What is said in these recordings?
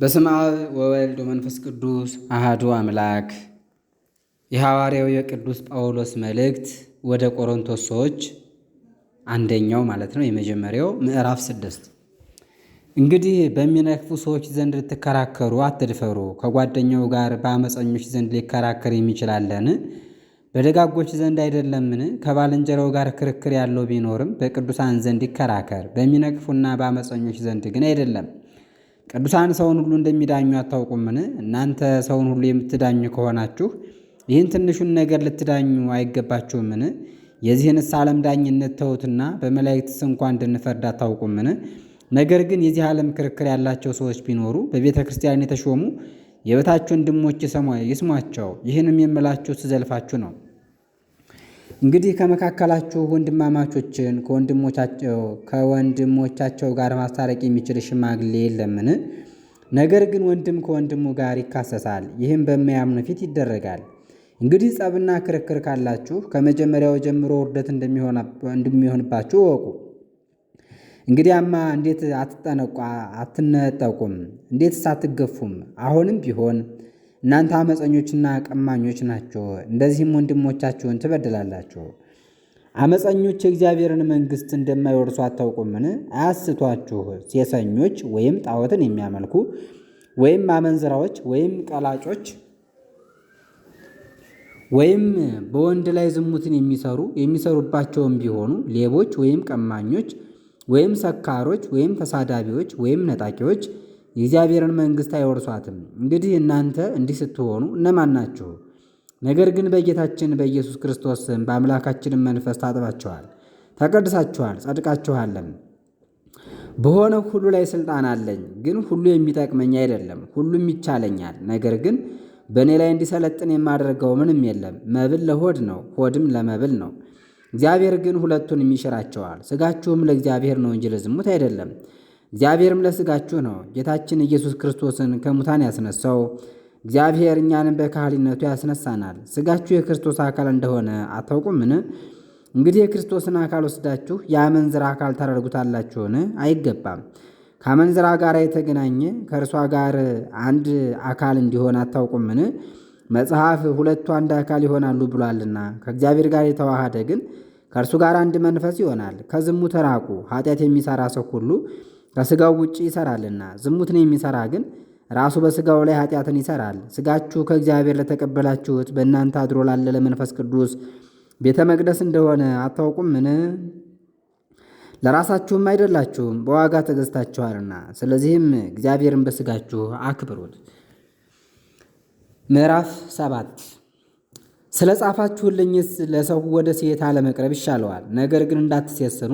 በስመ አብ ወወልድ ወመንፈስ ቅዱስ አሃዱ አምላክ። የሐዋርያው የቅዱስ ጳውሎስ መልእክት ወደ ቆሮንቶስ ሰዎች አንደኛው ማለት ነው የመጀመሪያው ምዕራፍ ስድስት እንግዲህ በሚነክፉ ሰዎች ዘንድ ልትከራከሩ አትድፈሩ። ከጓደኛው ጋር በአመፀኞች ዘንድ ሊከራከር የሚችላለን በደጋጎች ዘንድ አይደለምን? ከባልንጀራው ጋር ክርክር ያለው ቢኖርም በቅዱሳን ዘንድ ይከራከር፣ በሚነቅፉና በአመፀኞች ዘንድ ግን አይደለም። ቅዱሳን ሰውን ሁሉ እንደሚዳኙ አታውቁምን? እናንተ ሰውን ሁሉ የምትዳኙ ከሆናችሁ ይህን ትንሹን ነገር ልትዳኙ አይገባችሁምን? የዚህንስ ዓለም ዳኝነት ተዉትና በመላእክትስ እንኳ እንድንፈርድ አታውቁምን? ነገር ግን የዚህ ዓለም ክርክር ያላቸው ሰዎች ቢኖሩ በቤተ ክርስቲያን የተሾሙ የበታች ወንድሞች ይስሟቸው። ይህንም የምላችሁ ስዘልፋችሁ ነው። እንግዲህ ከመካከላችሁ ወንድማማቾችን ከወንድሞቻቸው ከወንድሞቻቸው ጋር ማስታረቅ የሚችል ሽማግሌ የለምን? ነገር ግን ወንድም ከወንድሙ ጋር ይካሰሳል፣ ይህም በሚያምኑ ፊት ይደረጋል። እንግዲህ ጸብና ክርክር ካላችሁ ከመጀመሪያው ጀምሮ ውርደት እንደሚሆንባችሁ እወቁ። እንግዲያማ እንዴት አትጠነቋ አትነጠቁም? እንዴትስ አትገፉም? አሁንም ቢሆን እናንተ አመፀኞችና ቀማኞች ናቸው፣ እንደዚህም ወንድሞቻችሁን ትበድላላችሁ። አመፀኞች የእግዚአብሔርን መንግሥት እንደማይወርሱ አታውቁምን? አያስቷችሁ። ሴሰኞች ወይም ጣዖትን የሚያመልኩ ወይም አመንዝራዎች ወይም ቀላጮች ወይም በወንድ ላይ ዝሙትን የሚሰሩ የሚሰሩባቸውም ቢሆኑ ሌቦች ወይም ቀማኞች ወይም ሰካሮች ወይም ተሳዳቢዎች ወይም ነጣቂዎች የእግዚአብሔርን መንግሥት አይወርሷትም። እንግዲህ እናንተ እንዲህ ስትሆኑ እነማን ናችሁ? ነገር ግን በጌታችን በኢየሱስ ክርስቶስ ስም በአምላካችንም መንፈስ ታጥባችኋል፣ ተቀድሳችኋል፣ ጸድቃችኋለን። በሆነ ሁሉ ላይ ሥልጣን አለኝ፣ ግን ሁሉ የሚጠቅመኝ አይደለም። ሁሉም ይቻለኛል፣ ነገር ግን በእኔ ላይ እንዲሰለጥን የማደርገው ምንም የለም። መብል ለሆድ ነው፣ ሆድም ለመብል ነው። እግዚአብሔር ግን ሁለቱን የሚሽራቸዋል ሥጋችሁም ለእግዚአብሔር ነው እንጂ ለዝሙት አይደለም። እግዚአብሔርም ለስጋችሁ ነው ጌታችን ኢየሱስ ክርስቶስን ከሙታን ያስነሳው እግዚአብሔር እኛንም በካህሊነቱ ያስነሳናል። ስጋችሁ የክርስቶስ አካል እንደሆነ አታውቁምን? እንግዲህ የክርስቶስን አካል ወስዳችሁ የአመንዝራ አካል ታደርጉታላችሁን? አይገባም። ከአመንዝራ ጋር የተገናኘ ከእርሷ ጋር አንድ አካል እንዲሆን አታውቁምን? መጽሐፍ ሁለቱ አንድ አካል ይሆናሉ ብሏልና። ከእግዚአብሔር ጋር የተዋሃደ ግን ከእርሱ ጋር አንድ መንፈስ ይሆናል። ከዝሙት ራቁ። ኃጢአት የሚሠራ ሰው ሁሉ ከስጋው ውጭ ይሰራልና። ዝሙትን የሚሰራ ግን ራሱ በስጋው ላይ ኃጢአትን ይሰራል ስጋችሁ ከእግዚአብሔር ለተቀበላችሁት በእናንተ አድሮ ላለ ለመንፈስ ቅዱስ ቤተ መቅደስ እንደሆነ አታውቁምን? ለራሳችሁም አይደላችሁም፣ በዋጋ ተገዝታችኋልና። ስለዚህም እግዚአብሔርን በስጋችሁ አክብሩት። ምዕራፍ ሰባት ስለ ጻፋችሁልኝስ ለሰው ወደ ሴት አለመቅረብ ይሻለዋል። ነገር ግን እንዳትሴስኑ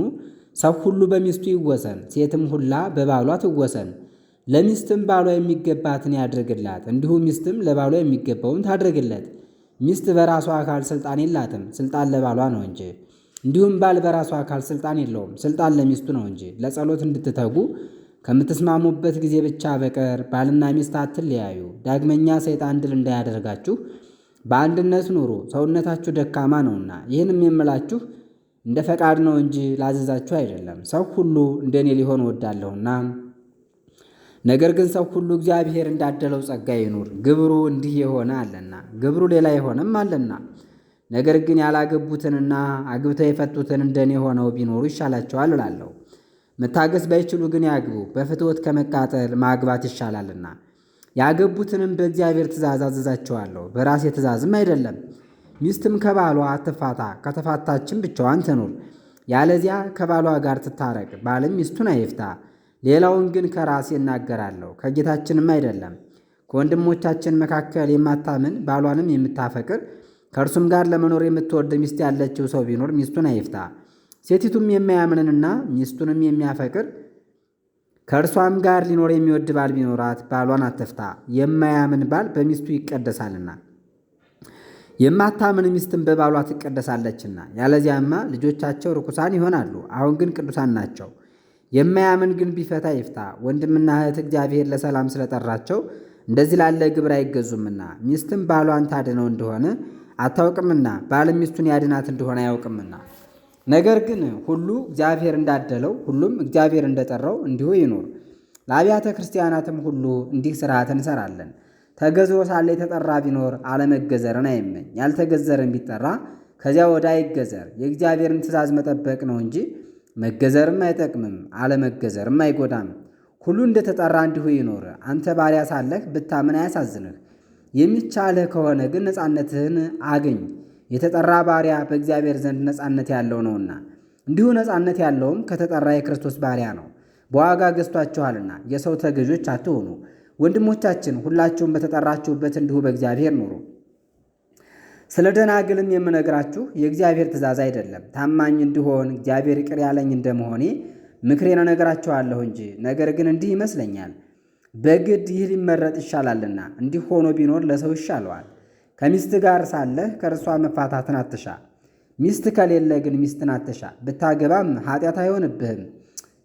ሰው ሁሉ በሚስቱ ይወሰን፣ ሴትም ሁላ በባሏ ትወሰን። ለሚስትም ባሏ የሚገባትን ያድርግላት፣ እንዲሁ ሚስትም ለባሏ የሚገባውን ታድርግለት። ሚስት በራሷ አካል ስልጣን የላትም፣ ስልጣን ለባሏ ነው እንጂ። እንዲሁም ባል በራሷ አካል ስልጣን የለውም፣ ስልጣን ለሚስቱ ነው እንጂ። ለጸሎት እንድትተጉ ከምትስማሙበት ጊዜ ብቻ በቀር ባልና ሚስት አትለያዩ። ዳግመኛ ሰይጣን ድል እንዳያደርጋችሁ በአንድነት ኑሩ፣ ሰውነታችሁ ደካማ ነውና። ይህንም የምላችሁ እንደ ፈቃድ ነው እንጂ ላዘዛችሁ አይደለም። ሰው ሁሉ እንደኔ ሊሆን ወዳለሁና ነገር ግን ሰው ሁሉ እግዚአብሔር እንዳደለው ጸጋ ይኑር። ግብሩ እንዲህ የሆነ አለና ግብሩ ሌላ የሆነም አለና። ነገር ግን ያላገቡትንና አግብተው የፈቱትን እንደኔ ሆነው ቢኖሩ ይሻላቸዋል እላለሁ። መታገስ ባይችሉ ግን ያግቡ፣ በፍትወት ከመቃጠል ማግባት ይሻላልና። ያገቡትንም በእግዚአብሔር ትእዛዝ አዘዛቸዋለሁ፣ በራሴ ትእዛዝም አይደለም። ሚስትም ከባሏ አትፋታ፣ ከተፋታችን ብቻዋን ትኑር፣ ያለዚያ ከባሏ ጋር ትታረቅ። ባልም ሚስቱን አይፍታ። ሌላውን ግን ከራሴ እናገራለሁ፣ ከጌታችንም አይደለም። ከወንድሞቻችን መካከል የማታምን ባሏንም የምታፈቅር ከእርሱም ጋር ለመኖር የምትወድ ሚስት ያለችው ሰው ቢኖር ሚስቱን አይፍታ። ሴቲቱም የማያምንንና ሚስቱንም የሚያፈቅር ከእርሷም ጋር ሊኖር የሚወድ ባል ቢኖራት ባሏን አትፍታ፣ የማያምን ባል በሚስቱ ይቀደሳልና። የማታምን ሚስትን በባሏ ትቀደሳለችና፣ ያለዚያማ ልጆቻቸው ርኩሳን ይሆናሉ። አሁን ግን ቅዱሳን ናቸው። የማያምን ግን ቢፈታ ይፍታ። ወንድምና እህት እግዚአብሔር ለሰላም ስለጠራቸው እንደዚህ ላለ ግብር አይገዙምና፣ ሚስትም ባሏን ታድነው እንደሆነ አታውቅምና፣ ባል ሚስቱን ያድናት እንደሆነ አያውቅምና። ነገር ግን ሁሉ እግዚአብሔር እንዳደለው ሁሉም እግዚአብሔር እንደጠራው እንዲሁ ይኑር። ለአብያተ ክርስቲያናትም ሁሉ እንዲህ ስርዓት እንሰራለን። ተገዝሮ ሳለ የተጠራ ቢኖር አለመገዘርን አይመኝ። ያልተገዘርን ቢጠራ ከዚያ ወደ አይገዘር። የእግዚአብሔርን ትእዛዝ መጠበቅ ነው እንጂ መገዘርም አይጠቅምም፣ አለመገዘርም አይጎዳም። ሁሉ እንደተጠራ እንዲሁ ይኖር። አንተ ባሪያ ሳለህ ብታምን አያሳዝንህ። የሚቻልህ ከሆነ ግን ነፃነትህን አግኝ። የተጠራ ባሪያ በእግዚአብሔር ዘንድ ነፃነት ያለው ነውና፣ እንዲሁ ነፃነት ያለውም ከተጠራ የክርስቶስ ባሪያ ነው። በዋጋ ገዝቷችኋልና የሰው ተገዦች አትሆኑ። ወንድሞቻችን ሁላችሁም በተጠራችሁበት እንዲሁ በእግዚአብሔር ኑሩ። ስለ ደናግልም የምነግራችሁ የእግዚአብሔር ትእዛዝ አይደለም፣ ታማኝ እንዲሆን እግዚአብሔር ይቅር ያለኝ እንደመሆኔ ምክሬን እነግራችኋለሁ እንጂ። ነገር ግን እንዲህ ይመስለኛል፣ በግድ ይህ ሊመረጥ ይሻላልና፣ እንዲህ ሆኖ ቢኖር ለሰው ይሻለዋል። ከሚስት ጋር ሳለህ ከእርሷ መፋታትን አትሻ። ሚስት ከሌለ ግን ሚስትን አትሻ። ብታገባም ኃጢአት አይሆንብህም።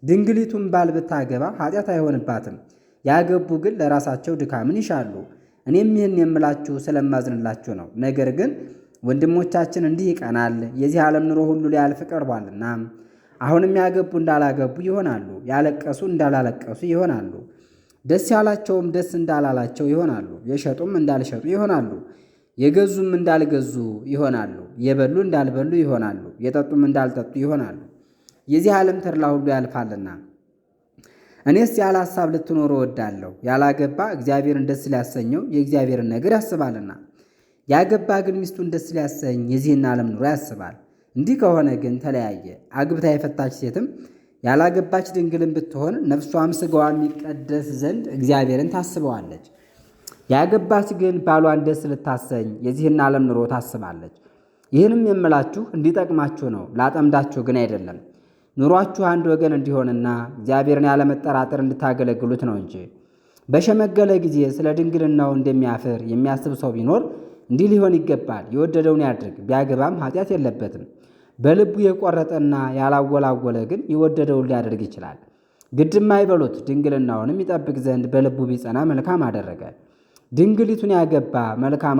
ድንግሊቱን ባል ብታገባ ኃጢአት አይሆንባትም። ያገቡ ግን ለራሳቸው ድካምን ይሻሉ። እኔም ይህን የምላችሁ ስለማዝንላችሁ ነው። ነገር ግን ወንድሞቻችን እንዲህ ይቀናል፣ የዚህ ዓለም ኑሮ ሁሉ ሊያልፍ ቀርቧልና። አሁንም ያገቡ እንዳላገቡ ይሆናሉ፣ ያለቀሱ እንዳላለቀሱ ይሆናሉ፣ ደስ ያላቸውም ደስ እንዳላላቸው ይሆናሉ፣ የሸጡም እንዳልሸጡ ይሆናሉ፣ የገዙም እንዳልገዙ ይሆናሉ፣ የበሉ እንዳልበሉ ይሆናሉ፣ የጠጡም እንዳልጠጡ ይሆናሉ። የዚህ ዓለም ተድላ ሁሉ ያልፋልና እኔስ ያለ ሐሳብ ልትኖር እወዳለሁ። ያላገባ እግዚአብሔርን ደስ ሊያሰኘው የእግዚአብሔርን ነገር ያስባልና፣ ያገባ ግን ሚስቱን ደስ ሊያሰኝ የዚህን ዓለም ኑሮ ያስባል። እንዲህ ከሆነ ግን ተለያየ። አግብታ የፈታች ሴትም ያላገባች ድንግልን ብትሆን ነፍሷም ሥጋዋም የሚቀደስ ዘንድ እግዚአብሔርን ታስበዋለች። ያገባች ግን ባሏን ደስ ልታሰኝ የዚህን ዓለም ኑሮ ታስባለች። ይህንም የምላችሁ እንዲጠቅማችሁ ነው፣ ላጠምዳችሁ ግን አይደለም። ኑሯችሁ አንድ ወገን እንዲሆንና እግዚአብሔርን ያለመጠራጠር እንድታገለግሉት ነው እንጂ። በሸመገለ ጊዜ ስለ ድንግልናው እንደሚያፍር የሚያስብ ሰው ቢኖር እንዲህ ሊሆን ይገባል። የወደደውን ያድርግ፣ ቢያገባም ኃጢአት የለበትም። በልቡ የቆረጠና ያላወላወለ ግን የወደደውን ሊያደርግ ይችላል። ግድም አይበሉት፣ ድንግልናውንም ይጠብቅ ዘንድ በልቡ ቢጸና መልካም አደረገ። ድንግሊቱን ያገባ መልካም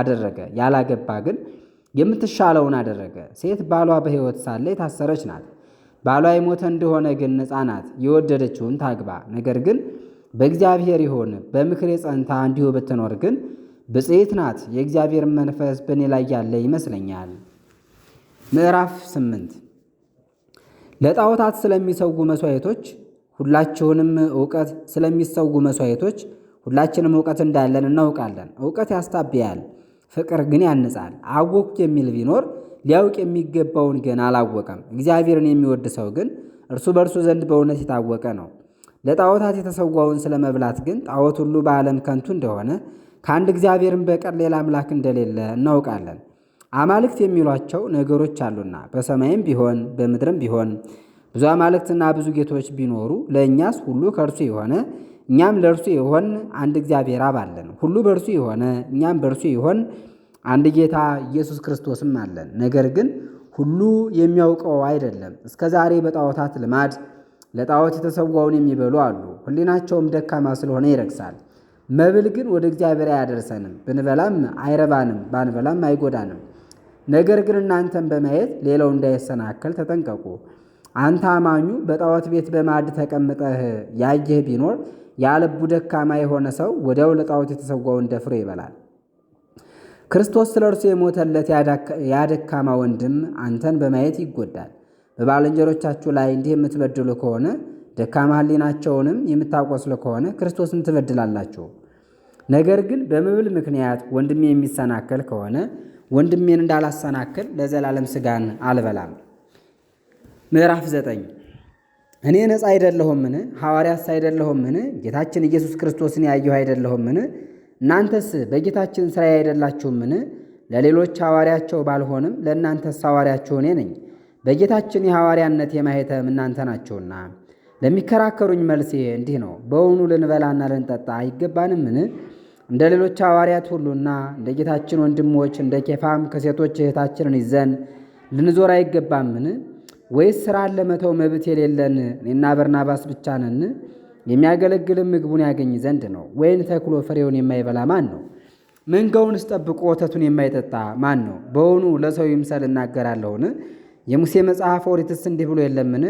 አደረገ፣ ያላገባ ግን የምትሻለውን አደረገ። ሴት ባሏ በሕይወት ሳለ የታሰረች ናት። ባሏ የሞተ እንደሆነ ግን ነፃ ናት፣ የወደደችውን ታግባ። ነገር ግን በእግዚአብሔር ይሆን በምክር ጸንታ እንዲሁ ብትኖር ግን ብፅዕት ናት። የእግዚአብሔር መንፈስ በእኔ ላይ ያለ ይመስለኛል። ምዕራፍ ስምንት ለጣዖታት ስለሚሰጉ መሥዋዕቶች ሁላችሁንም እውቀት ስለሚሰጉ መሥዋዕቶች ሁላችንም እውቀት እንዳለን እናውቃለን። እውቀት ያስታብያል፣ ፍቅር ግን ያንጻል። አወኩ የሚል ቢኖር ሊያውቅ የሚገባውን ገና አላወቀም። እግዚአብሔርን የሚወድ ሰው ግን እርሱ በእርሱ ዘንድ በእውነት የታወቀ ነው። ለጣዖታት የተሰዋውን ስለ መብላት ግን ጣዖት ሁሉ በዓለም ከንቱ እንደሆነ ከአንድ እግዚአብሔርን በቀር ሌላ አምላክ እንደሌለ እናውቃለን። አማልክት የሚሏቸው ነገሮች አሉና በሰማይም ቢሆን በምድርም ቢሆን ብዙ አማልክትና ብዙ ጌቶች ቢኖሩ ለእኛስ ሁሉ ከእርሱ የሆነ እኛም ለእርሱ የሆን አንድ እግዚአብሔር አብ አለን። ሁሉ በእርሱ የሆነ እኛም በእርሱ የሆን አንድ ጌታ ኢየሱስ ክርስቶስም አለን። ነገር ግን ሁሉ የሚያውቀው አይደለም። እስከ ዛሬ በጣዖታት ልማድ ለጣዖት የተሰዋውን የሚበሉ አሉ። ሕሊናቸውም ደካማ ስለሆነ ይረግሳል። መብል ግን ወደ እግዚአብሔር አያደርሰንም። ብንበላም አይረባንም፣ ባንበላም አይጎዳንም። ነገር ግን እናንተን በማየት ሌላው እንዳይሰናከል ተጠንቀቁ። አንተ አማኙ በጣዖት ቤት በማዕድ ተቀምጠህ ያየህ ቢኖር ያ ልቡ ደካማ የሆነ ሰው ወዲያው ለጣዖት የተሰዋውን ደፍሮ ይበላል። ክርስቶስ ስለ እርሱ የሞተለት ያደካማ ወንድም አንተን በማየት ይጎዳል። በባልንጀሮቻችሁ ላይ እንዲህ የምትበድሉ ከሆነ ደካማ ሕሊናቸውንም የምታቆስሉ ከሆነ ክርስቶስን ትበድላላችሁ። ነገር ግን በመብል ምክንያት ወንድሜ የሚሰናከል ከሆነ ወንድሜን እንዳላሰናክል ለዘላለም ስጋን አልበላም። ምዕራፍ ዘጠኝ እኔ ነፃ አይደለሁምን? ሐዋርያስ አይደለሁምን? ጌታችን ኢየሱስ ክርስቶስን ያየሁ አይደለሁምን? እናንተስ በጌታችን ሥራዬ አይደላችሁምን? ለሌሎች ሐዋርያቸው ባልሆንም ለእናንተስ ሐዋርያችሁ እኔ ነኝ። በጌታችን የሐዋርያነት የማኅተም እናንተ ናችሁና። ለሚከራከሩኝ መልሴ እንዲህ ነው። በውኑ ልንበላና ልንጠጣ አይገባንምን? እንደ ሌሎች ሐዋርያት ሁሉና እንደ ጌታችን ወንድሞች እንደ ኬፋም ከሴቶች እህታችንን ይዘን ልንዞር አይገባምን? ወይስ ሥራን ለመተው መብት የሌለን እኔና በርናባስ ብቻ ነን? የሚያገለግልም ምግቡን ያገኝ ዘንድ ነው። ወይን ተክሎ ፍሬውን የማይበላ ማን ነው? መንጋውንስ ጠብቆ ወተቱን የማይጠጣ ማን ነው? በውኑ ለሰው ይምሰል እናገራለሁን? የሙሴ መጽሐፍ ኦሪትስ እንዲህ ብሎ የለምን?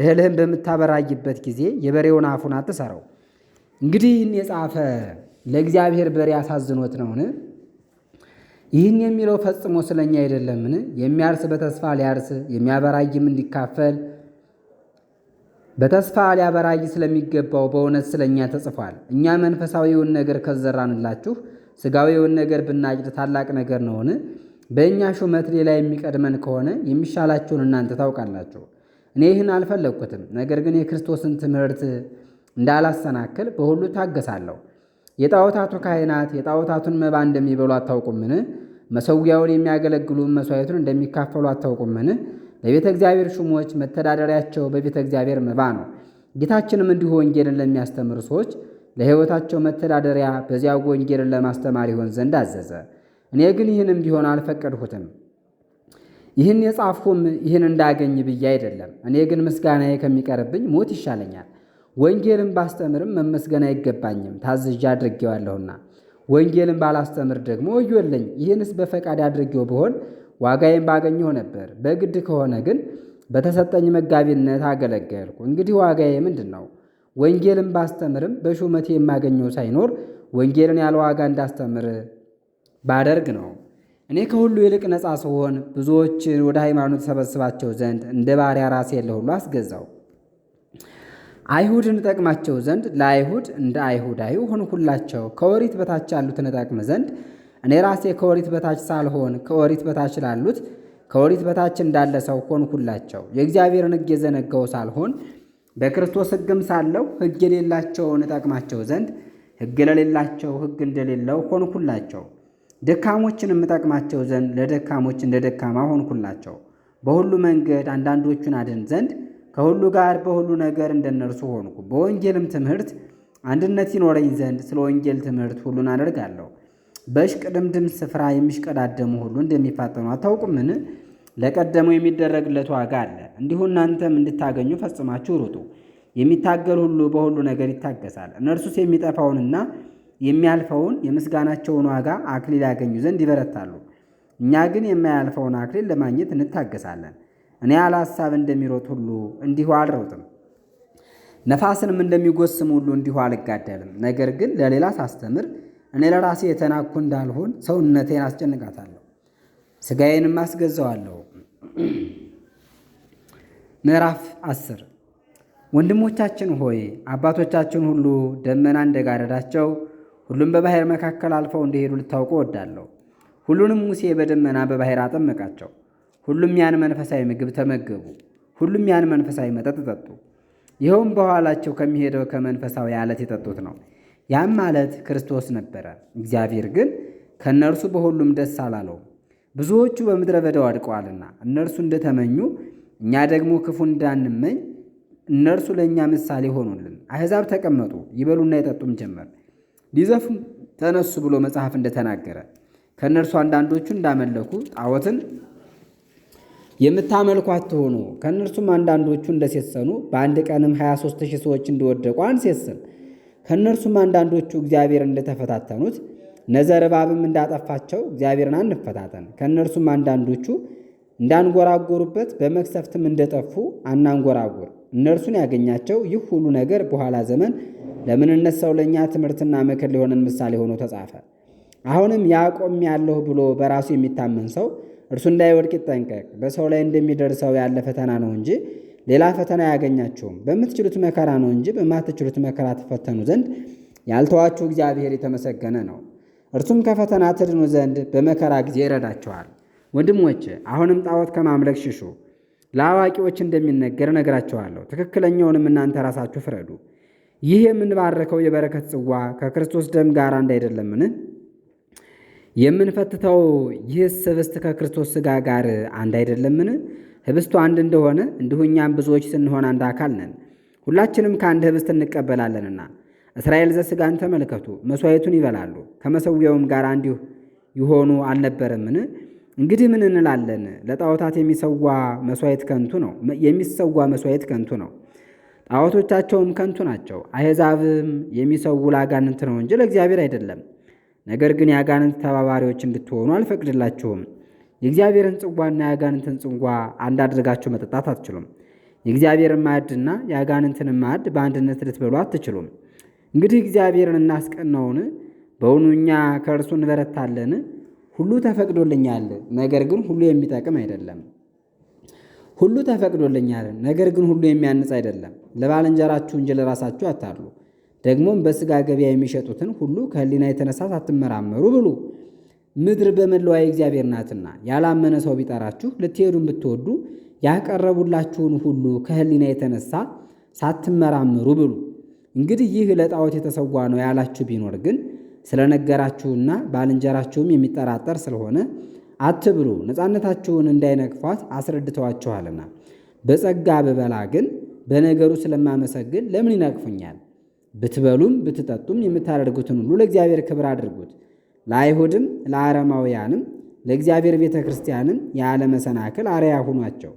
እህልህን በምታበራይበት ጊዜ የበሬውን አፉን አትሰረው። እንግዲህ ይህን የጻፈ ለእግዚአብሔር በሬ አሳዝኖት ነውን? ይህን የሚለው ፈጽሞ ስለኛ አይደለምን? የሚያርስ በተስፋ ሊያርስ የሚያበራይም እንዲካፈል በተስፋ ሊያበራይ ስለሚገባው በእውነት ስለኛ ተጽፏል። እኛ መንፈሳዊውን ነገር ከዘራንላችሁ ስጋዊውን ነገር ብናጭድ ታላቅ ነገር ነውን? በእኛ ሹመት ሌላ የሚቀድመን ከሆነ የሚሻላችሁን እናንተ ታውቃላችሁ። እኔ ይህን አልፈለግኩትም፣ ነገር ግን የክርስቶስን ትምህርት እንዳላሰናክል በሁሉ ታገሳለሁ። የጣዖታቱ ካህናት የጣዖታቱን መባ እንደሚበሉ አታውቁምን? መሠዊያውን የሚያገለግሉ መሥዋዕቱን እንደሚካፈሉ አታውቁምን? ለቤተ እግዚአብሔር ሹሞች መተዳደሪያቸው በቤተ እግዚአብሔር መባ ነው። ጌታችንም እንዲሁ ወንጌልን ለሚያስተምሩ ሰዎች ለሕይወታቸው መተዳደሪያ በዚያው ወንጌልን ለማስተማር ይሆን ዘንድ አዘዘ። እኔ ግን ይህን እንዲሆን አልፈቀድሁትም። ይህን የጻፍኩም ይህን እንዳገኝ ብዬ አይደለም። እኔ ግን ምስጋናዬ ከሚቀርብኝ ሞት ይሻለኛል። ወንጌልን ባስተምርም መመስገን አይገባኝም፣ ታዝዣ አድርጌዋለሁና። ወንጌልን ባላስተምር ደግሞ ወዮለኝ። ይህንስ በፈቃድ አድርጌው ብሆን ዋጋዬን ባገኘሁ ነበር። በግድ ከሆነ ግን በተሰጠኝ መጋቢነት አገለገልኩ። እንግዲህ ዋጋዬ ምንድን ነው? ወንጌልን ባስተምርም በሹመቴ የማገኘው ሳይኖር ወንጌልን ያለ ዋጋ እንዳስተምር ባደርግ ነው። እኔ ከሁሉ ይልቅ ነፃ ስሆን ብዙዎች ወደ ሃይማኖት ሰበስባቸው ዘንድ እንደ ባሪያ ራሴን ለሁሉ አስገዛው። አይሁድን እጠቅማቸው ዘንድ ለአይሁድ እንደ አይሁዳዊ ሆንሁላቸው። ከወሪት በታች ያሉትን እጠቅም ዘንድ እኔ ራሴ ከወሪት በታች ሳልሆን ከወሪት በታች ላሉት ከወሪት በታች እንዳለ ሰው ሆንኩላቸው የእግዚአብሔርን ሕግ የዘነጋው ሳልሆን በክርስቶስ ሕግም ሳለው ሕግ የሌላቸውን እጠቅማቸው ዘንድ ሕግ ለሌላቸው ሕግ እንደሌለው ሆንኩላቸው ደካሞችን የምጠቅማቸው ዘንድ ለደካሞች እንደ ደካማ ሆንኩላቸው። በሁሉ መንገድ አንዳንዶቹን አድን ዘንድ ከሁሉ ጋር በሁሉ ነገር እንደነርሱ ሆንኩ። በወንጌልም ትምህርት አንድነት ይኖረኝ ዘንድ ስለ ወንጌል ትምህርት ሁሉን አደርጋለሁ። በሽቅድምድም ስፍራ የሚሽቀዳደሙ ሁሉ እንደሚፋጠኑ አታውቁምን? ለቀደመው የሚደረግለት ዋጋ አለ። እንዲሁ እናንተም እንድታገኙ ፈጽማችሁ ሩጡ። የሚታገል ሁሉ በሁሉ ነገር ይታገሳል። እነርሱስ የሚጠፋውንና የሚያልፈውን የምስጋናቸውን ዋጋ አክሊል ያገኙ ዘንድ ይበረታሉ። እኛ ግን የማያልፈውን አክሊል ለማግኘት እንታገሳለን። እኔ ያለ ሐሳብ እንደሚሮጥ ሁሉ እንዲሁ አልሮጥም። ነፋስንም እንደሚጎስም ሁሉ እንዲሁ አልጋደልም። ነገር ግን ለሌላ ሳስተምር እኔ ለራሴ የተናኩ እንዳልሆን ሰውነቴን አስጨንቃታለሁ፣ ሥጋዬንም አስገዛዋለሁ። ምዕራፍ አስር ወንድሞቻችን ሆይ አባቶቻችን ሁሉ ደመና እንደጋረዳቸው ሁሉም በባሕር መካከል አልፈው እንደሄዱ ልታውቁ እወዳለሁ። ሁሉንም ሙሴ በደመና በባሕር አጠመቃቸው። ሁሉም ያን መንፈሳዊ ምግብ ተመገቡ፣ ሁሉም ያን መንፈሳዊ መጠጥ ጠጡ። ይኸውም በኋላቸው ከሚሄደው ከመንፈሳዊ ዓለት የጠጡት ነው። ያም ማለት ክርስቶስ ነበረ። እግዚአብሔር ግን ከእነርሱ በሁሉም ደስ አላለው፣ ብዙዎቹ በምድረ በዳ ወድቀዋልና። እነርሱ እንደተመኙ እኛ ደግሞ ክፉ እንዳንመኝ እነርሱ ለእኛ ምሳሌ ሆኑልን። አሕዛብ ተቀመጡ፣ ይበሉና ይጠጡም ጀመር፣ ሊዘፉ ተነሱ ብሎ መጽሐፍ እንደተናገረ ከእነርሱ አንዳንዶቹ እንዳመለኩ ጣዖትን የምታመልኩ አትሆኑ፣ ከእነርሱም አንዳንዶቹ እንደሴሰኑ፣ በአንድ ቀንም 23 ሺህ ሰዎች እንደወደቁ ሴሰን ከእነርሱም አንዳንዶቹ እግዚአብሔር እንደተፈታተኑት ነዘረባብም እንዳጠፋቸው እግዚአብሔርን አንፈታተን። ከእነርሱም አንዳንዶቹ እንዳንጎራጎሩበት በመክሰፍትም እንደጠፉ አናንጎራጉር። እነርሱን ያገኛቸው ይህ ሁሉ ነገር በኋላ ዘመን ለምንነት ሰው ለእኛ ትምህርትና ምክር ሊሆነን ምሳሌ ሆኖ ተጻፈ። አሁንም ያቆም ያለሁ ብሎ በራሱ የሚታመን ሰው እርሱ እንዳይወድቅ ይጠንቀቅ። በሰው ላይ እንደሚደርሰው ያለ ፈተና ነው እንጂ ሌላ ፈተና አያገኛችሁም። በምትችሉት መከራ ነው እንጂ በማትችሉት መከራ ትፈተኑ ዘንድ ያልተዋችሁ እግዚአብሔር የተመሰገነ ነው። እርሱም ከፈተና ትድኑ ዘንድ በመከራ ጊዜ ይረዳቸዋል ወንድሞቼ አሁንም ጣዖት ከማምለክ ሽሹ። ለአዋቂዎች እንደሚነገር እነግራችኋለሁ፣ ትክክለኛውንም እናንተ ራሳችሁ ፍረዱ። ይህ የምንባረከው የበረከት ጽዋ ከክርስቶስ ደም ጋር አንድ አይደለምን? የምንፈትተው ይህ ስብስት ከክርስቶስ ሥጋ ጋር አንድ አይደለምን? ህብስቱ አንድ እንደሆነ እንዲሁ እኛም ብዙዎች ስንሆን አንድ አካል ነን፣ ሁላችንም ከአንድ ህብስት እንቀበላለንና። እስራኤል ዘሥጋን ተመልከቱ፣ መሥዋዕቱን ይበላሉ፣ ከመሠዊያውም ጋር እንዲሁ ይሆኑ አልነበረምን? እንግዲህ ምን እንላለን? ለጣዖታት የሚሰዋ መሥዋዕት ከንቱ ነው፣ የሚሰዋ መሥዋዕት ከንቱ ነው፣ ጣዖቶቻቸውም ከንቱ ናቸው። አሕዛብም የሚሰዉ ለአጋንንት ነው እንጂ ለእግዚአብሔር አይደለም። ነገር ግን የአጋንንት ተባባሪዎች እንድትሆኑ አልፈቅድላችሁም። የእግዚአብሔርን ጽዋና የአጋንንትን ጽዋ አንድ አድርጋችሁ መጠጣት አትችሉም። የእግዚአብሔርን ማዕድና የአጋንንትን ማዕድ በአንድነት ልትበሉ አትችሉም። እንግዲህ እግዚአብሔርን እናስቀናውን? በውኑ እኛ ከእርሱ እንበረታለን? ሁሉ ተፈቅዶልኛል፣ ነገር ግን ሁሉ የሚጠቅም አይደለም። ሁሉ ተፈቅዶልኛል፣ ነገር ግን ሁሉ የሚያንጽ አይደለም። ለባልንጀራችሁ እንጂ ለራሳችሁ አታሉ። ደግሞም በሥጋ ገበያ የሚሸጡትን ሁሉ ከህሊና የተነሳት አትመራመሩ ብሉ። ምድር በመላዋ የእግዚአብሔር ናትና ያላመነ ሰው ቢጠራችሁ ልትሄዱን ብትወዱ ያቀረቡላችሁን ሁሉ ከህሊና የተነሳ ሳትመራምሩ ብሉ። እንግዲህ ይህ ለጣዖት የተሰዋ ነው ያላችሁ ቢኖር ግን ስለነገራችሁና ባልንጀራችሁም የሚጠራጠር ስለሆነ አትብሉ፣ ነፃነታችሁን እንዳይነቅፏት አስረድተዋችኋልና። በጸጋ ብበላ ግን በነገሩ ስለማመሰግን ለምን ይነቅፉኛል? ብትበሉም ብትጠጡም የምታደርጉትን ሁሉ ለእግዚአብሔር ክብር አድርጉት። ለአይሁድም ለአረማውያንም ለእግዚአብሔር ቤተ ክርስቲያንም ያለመሰናክል አርያ ሁኗቸው።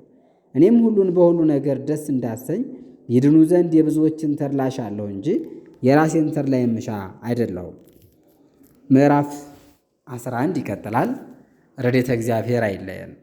እኔም ሁሉን በሁሉ ነገር ደስ እንዳሰኝ ይድኑ ዘንድ የብዙዎችን ተድላ አለው እንጂ የራሴን ተድላ የምሻ አይደለሁም። ምዕራፍ 11 ይቀጥላል። ረድኤተ እግዚአብሔር አይለየን።